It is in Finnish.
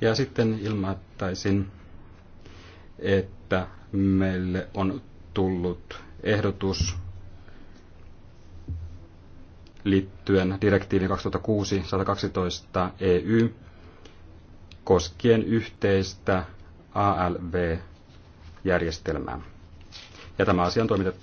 Ja sitten ilmoittaisin, että meille on tullut ehdotus liittyen direktiiviin 2006-112 EY koskien yhteistä ALV-järjestelmää. Ja tämä asia on toimitettu